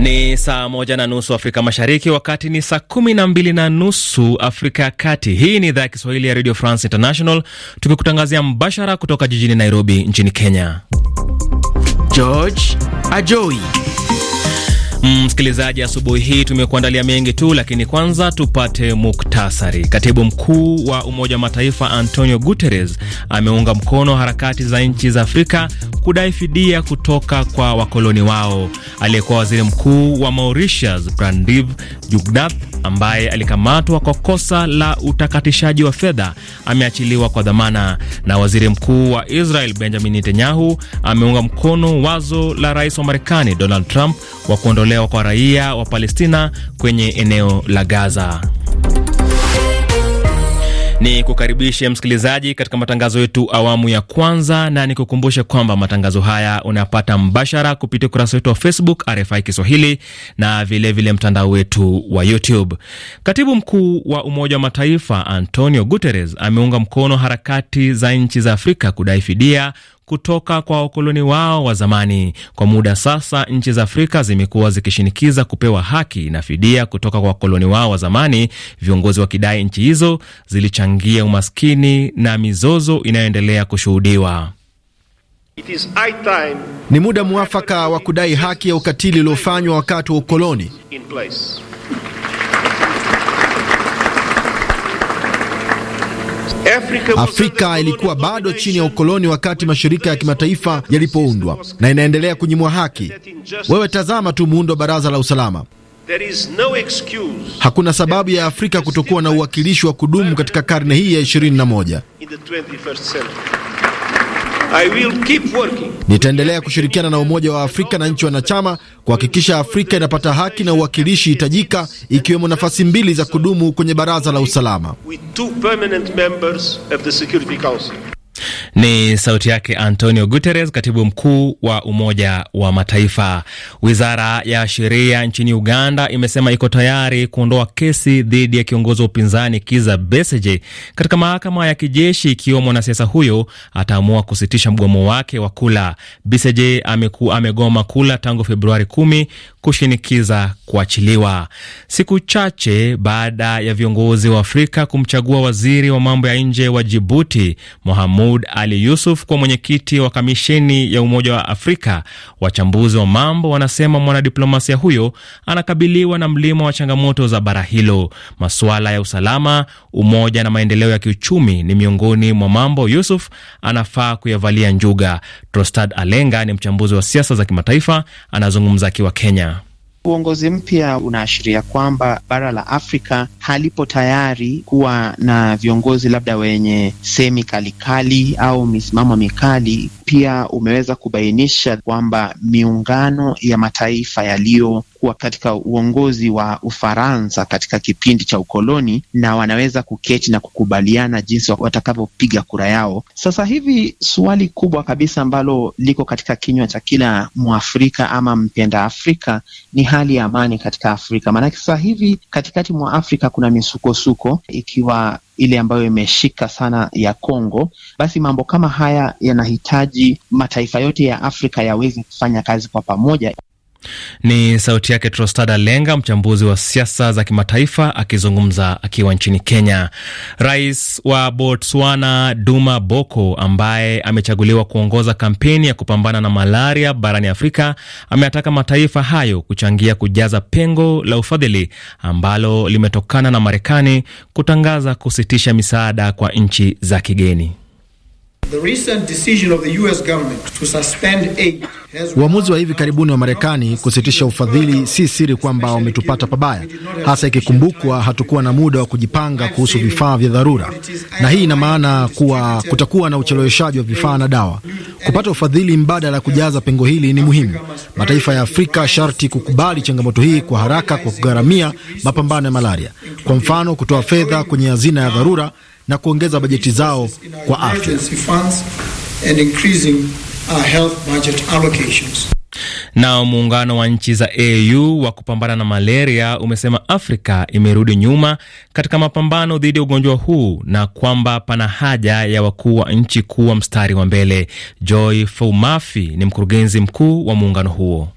Ni saa moja na nusu Afrika Mashariki, wakati ni saa kumi na mbili na nusu Afrika ya Kati. Hii ni idhaa ya Kiswahili ya Radio France International, tukikutangazia mbashara kutoka jijini Nairobi nchini Kenya. George Ajoi. Msikilizaji, mm, asubuhi hii tumekuandalia mengi tu, lakini kwanza tupate muktasari. Katibu mkuu wa Umoja wa Mataifa Antonio Guterres ameunga mkono harakati za nchi za Afrika kudai fidia kutoka kwa wakoloni wao aliyekuwa waziri mkuu wa Mauritius Prandiv Jugnauth ambaye alikamatwa kwa kosa la utakatishaji wa fedha ameachiliwa kwa dhamana. Na waziri mkuu wa Israel Benjamin Netanyahu ameunga mkono wazo la rais wa Marekani Donald Trump wa kuondolewa kwa raia wa Palestina kwenye eneo la Gaza. Ni kukaribishe msikilizaji katika matangazo yetu awamu ya kwanza, na nikukumbushe kwamba matangazo haya unayapata mbashara kupitia ukurasa wetu wa Facebook RFI Kiswahili na vilevile mtandao wetu wa YouTube. Katibu mkuu wa Umoja wa Mataifa Antonio Guterres ameunga mkono harakati za nchi za Afrika kudai fidia kutoka kwa wakoloni wao wa zamani. Kwa muda sasa, nchi za Afrika zimekuwa zikishinikiza kupewa haki na fidia kutoka kwa wakoloni wao wa zamani, viongozi wakidai nchi hizo zilichangia umaskini na mizozo inayoendelea kushuhudiwa. Ni muda mwafaka wa kudai haki ya ukatili uliofanywa wakati wa ukoloni. Afrika ilikuwa bado chini ya ukoloni wakati mashirika ya kimataifa yalipoundwa na inaendelea kunyimwa haki. Wewe tazama tu muundo wa Baraza la Usalama. Hakuna sababu ya Afrika kutokuwa na uwakilishi wa kudumu katika karne hii ya 21. I will keep working. Nitaendelea kushirikiana na Umoja wa Afrika na nchi wanachama kuhakikisha Afrika inapata haki na uwakilishi hitajika, ikiwemo nafasi mbili za kudumu kwenye Baraza la Usalama. Ni sauti yake Antonio Guterres, katibu mkuu wa Umoja wa Mataifa. Wizara ya sheria nchini Uganda imesema iko tayari kuondoa kesi dhidi ya kiongozi wa upinzani Kiza Beseje katika mahakama ya kijeshi ikiwa mwanasiasa huyo ataamua kusitisha mgomo wake wa kula. Beseje amegoma kula tangu Februari kumi kushinikiza kuachiliwa. Siku chache baada ya viongozi wa Afrika kumchagua waziri wa mambo ya nje wa Jibuti Mohamud Ali Yusuf kwa mwenyekiti wa kamisheni ya Umoja wa Afrika, wachambuzi wa mambo wanasema mwanadiplomasia huyo anakabiliwa na mlima wa changamoto za bara hilo. Masuala ya usalama, umoja na maendeleo ya kiuchumi ni miongoni mwa mambo Yusuf anafaa kuyavalia njuga. Trostad Alenga ni mchambuzi wa siasa za kimataifa, anazungumza akiwa Kenya. Uongozi mpya unaashiria kwamba bara la Afrika halipo tayari kuwa na viongozi labda wenye semi kalikali au misimamo mikali. Pia umeweza kubainisha kwamba miungano ya mataifa yaliyokuwa katika uongozi wa Ufaransa katika kipindi cha ukoloni na wanaweza kuketi na kukubaliana jinsi watakavyopiga kura yao. Sasa hivi suali kubwa kabisa ambalo liko katika kinywa cha kila Mwafrika ama mpenda Afrika ni hali ya amani katika Afrika. Maanake sasa hivi katikati mwa Afrika kuna misukosuko, ikiwa ile ambayo imeshika sana ya Kongo, basi mambo kama haya yanahitaji mataifa yote ya Afrika yaweze kufanya kazi kwa pamoja. Ni sauti yake Trostada Lenga, mchambuzi wa siasa za kimataifa akizungumza akiwa nchini Kenya. Rais wa Botswana Duma Boko, ambaye amechaguliwa kuongoza kampeni ya kupambana na malaria barani Afrika, ameataka mataifa hayo kuchangia kujaza pengo la ufadhili ambalo limetokana na Marekani kutangaza kusitisha misaada kwa nchi za kigeni. Uamuzi wa hivi karibuni wa Marekani kusitisha ufadhili, si siri kwamba wametupata pabaya, hasa ikikumbukwa hatukuwa na muda wa kujipanga kuhusu vifaa vya dharura, na hii ina maana kuwa kutakuwa na ucheleweshaji wa vifaa na dawa. Kupata ufadhili mbadala ya kujaza pengo hili ni muhimu. Mataifa ya Afrika sharti kukubali changamoto hii kwa haraka kwa kugharamia mapambano ya malaria, kwa mfano kutoa fedha kwenye hazina ya dharura na kuongeza bajeti zao kwa afya. Uh, Nao muungano wa nchi za AU wa kupambana na malaria umesema Afrika imerudi nyuma katika mapambano dhidi ya ugonjwa huu na kwamba pana haja ya wakuu wa nchi kuwa mstari wa mbele. Joy fumafi ni mkurugenzi mkuu wa muungano huo.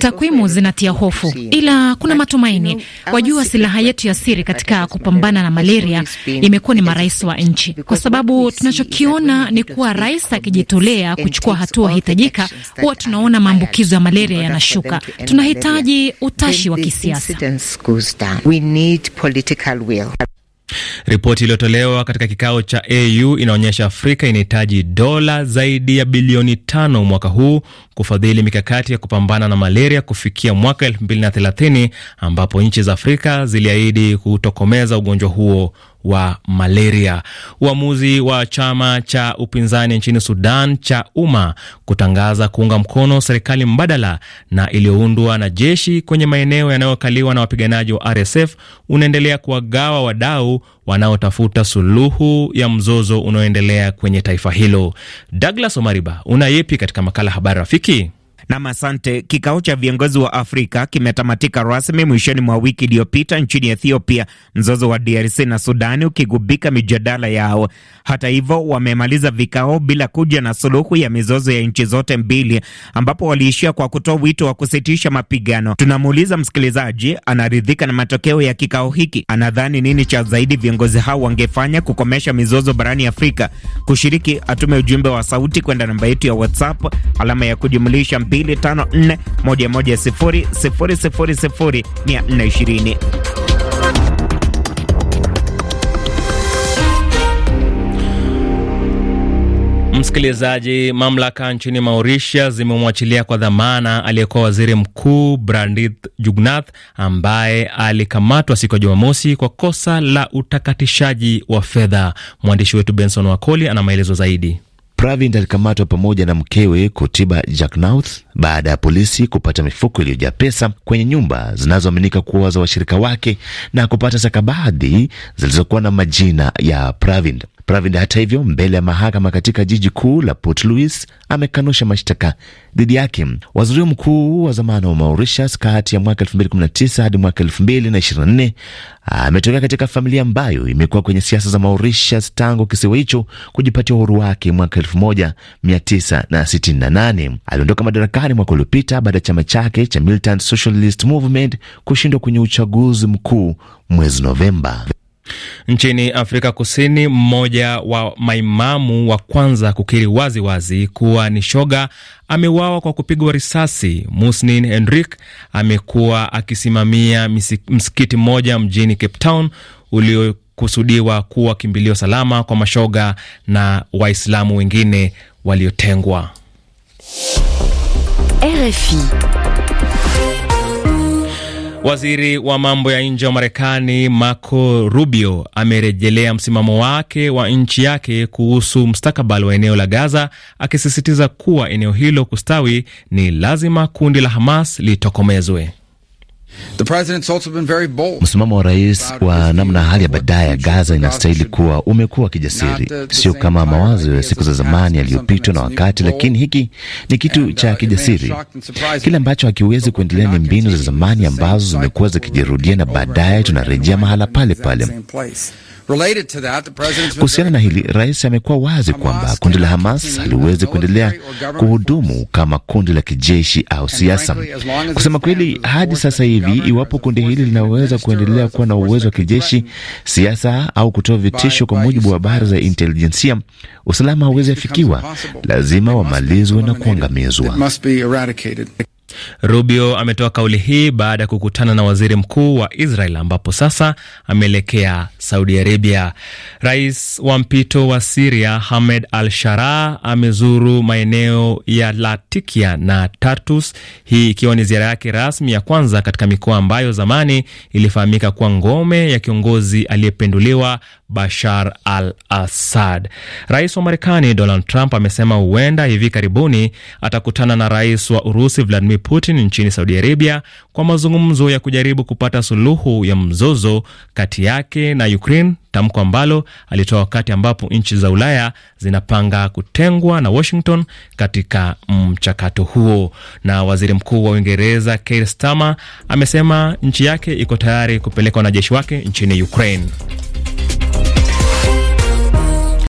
Takwimu zinatia hofu, ila kuna matumaini. Wajua, silaha yetu ya siri katika kupambana na malaria imekuwa ni marais wa nchi, kwa sababu tunachokiona ni kuwa rais akijitolea kuchukua hatua hitajika, huwa tunaona maambukizo ya malaria yanashuka. Tunahitaji utashi wa kisiasa. Ripoti iliyotolewa katika kikao cha AU inaonyesha Afrika inahitaji dola zaidi ya bilioni tano mwaka huu kufadhili mikakati ya kupambana na malaria kufikia mwaka 2030 ambapo nchi za Afrika ziliahidi kutokomeza ugonjwa huo wa malaria. Uamuzi wa chama cha upinzani nchini Sudan cha Umma kutangaza kuunga mkono serikali mbadala na iliyoundwa na jeshi kwenye maeneo yanayokaliwa na wapiganaji wa RSF unaendelea kuwagawa wadau wanaotafuta suluhu ya mzozo unaoendelea kwenye taifa hilo. Douglas Omariba una yepi katika makala Habari Rafiki? Nam, asante. Kikao cha viongozi wa Afrika kimetamatika rasmi mwishoni mwa wiki iliyopita nchini Ethiopia, mzozo wa DRC na Sudani ukigubika mijadala yao. Hata hivyo, wamemaliza vikao bila kuja na suluhu ya mizozo ya nchi zote mbili, ambapo waliishia kwa kutoa wito wa kusitisha mapigano. Tunamuuliza msikilizaji, anaridhika na matokeo ya kikao hiki? Anadhani nini cha zaidi viongozi hao wangefanya kukomesha mizozo barani Afrika? Kushiriki, atume ujumbe wa sauti kwenda namba yetu ya WhatsApp alama ya kujumlisha mbili Msikilizaji, mamlaka nchini Mauritius zimemwachilia kwa dhamana aliyekuwa waziri mkuu Brandith Jugnath ambaye alikamatwa siku ya Jumamosi kwa kosa la utakatishaji wa fedha. Mwandishi wetu Benson Wakoli ana maelezo zaidi. Pravind alikamatwa pamoja na mkewe kutiba jacknauth baada ya polisi kupata mifuko iliyojaa pesa kwenye nyumba zinazoaminika kuwa za washirika wake na kupata sakabadhi zilizokuwa na majina ya Pravind. Pravind hata hivyo, mbele ya mahakama katika jiji kuu la Port Louis amekanusha mashtaka dhidi yake. Waziri mkuu wa zamani wa Mauritius kati ya mwaka 2019 hadi mwaka 2024 ametokea katika familia ambayo imekuwa kwenye siasa za Mauritius tangu kisiwa hicho kujipatia uhuru wake mwaka 1968. Aliondoka madarakani mwaka uliopita baada ya chama chake cha Militant Socialist Movement kushindwa kwenye uchaguzi mkuu mwezi Novemba. Nchini Afrika Kusini, mmoja wa maimamu wa kwanza kukiri waziwazi wazi kuwa ni shoga ameuawa kwa kupigwa risasi. Musnin Henrik amekuwa akisimamia msikiti mmoja mjini Cape Town uliokusudiwa kuwa kimbilio salama kwa mashoga na Waislamu wengine waliotengwa. RFI Waziri wa mambo ya nje wa Marekani Marco Rubio amerejelea msimamo wake wa nchi yake kuhusu mustakabali wa eneo la Gaza, akisisitiza kuwa eneo hilo kustawi ni lazima kundi la Hamas litokomezwe. Msimamo wa rais wa namna hali ya baadaye ya Gaza inastahili kuwa umekuwa kijasiri, sio kama mawazo ya siku za zamani yaliyopitwa na wakati, lakini hiki ni kitu uh, cha kijasiri. Kile ambacho hakiwezi kuendelea ni mbinu za zamani ambazo zimekuwa zikijirudia, na baadaye tunarejea mahala pale pale. Kuhusiana na hili, rais amekuwa wazi kwamba kundi la Hamas haliwezi kuendelea kuhudumu kama kundi la kijeshi au siasa. Kusema kweli, hadi sasa hivi, iwapo kundi hili linaweza kuendelea kuwa na uwezo wa kijeshi, siasa au kutoa vitisho, kwa mujibu wa habari za intelijensia, usalama hawezi afikiwa. Lazima wamalizwe na kuangamizwa. Rubio ametoa kauli hii baada ya kukutana na waziri mkuu wa Israel ambapo sasa ameelekea Saudi Arabia. Rais wa mpito wa Siria Hamed al Shara amezuru maeneo ya Latikia na Tartus, hii ikiwa ni ziara yake rasmi ya kwanza katika mikoa ambayo zamani ilifahamika kuwa ngome ya kiongozi aliyependuliwa Bashar al Assad. Rais wa Marekani Donald Trump amesema huenda hivi karibuni atakutana na rais wa Urusi Vladimir Putin nchini Saudi Arabia kwa mazungumzo ya kujaribu kupata suluhu ya mzozo kati yake na Ukraine, tamko ambalo alitoa wakati ambapo nchi za Ulaya zinapanga kutengwa na Washington katika mchakato huo. Na waziri mkuu wa Uingereza Keir Starmer amesema nchi yake iko tayari kupeleka wanajeshi wake nchini Ukraine.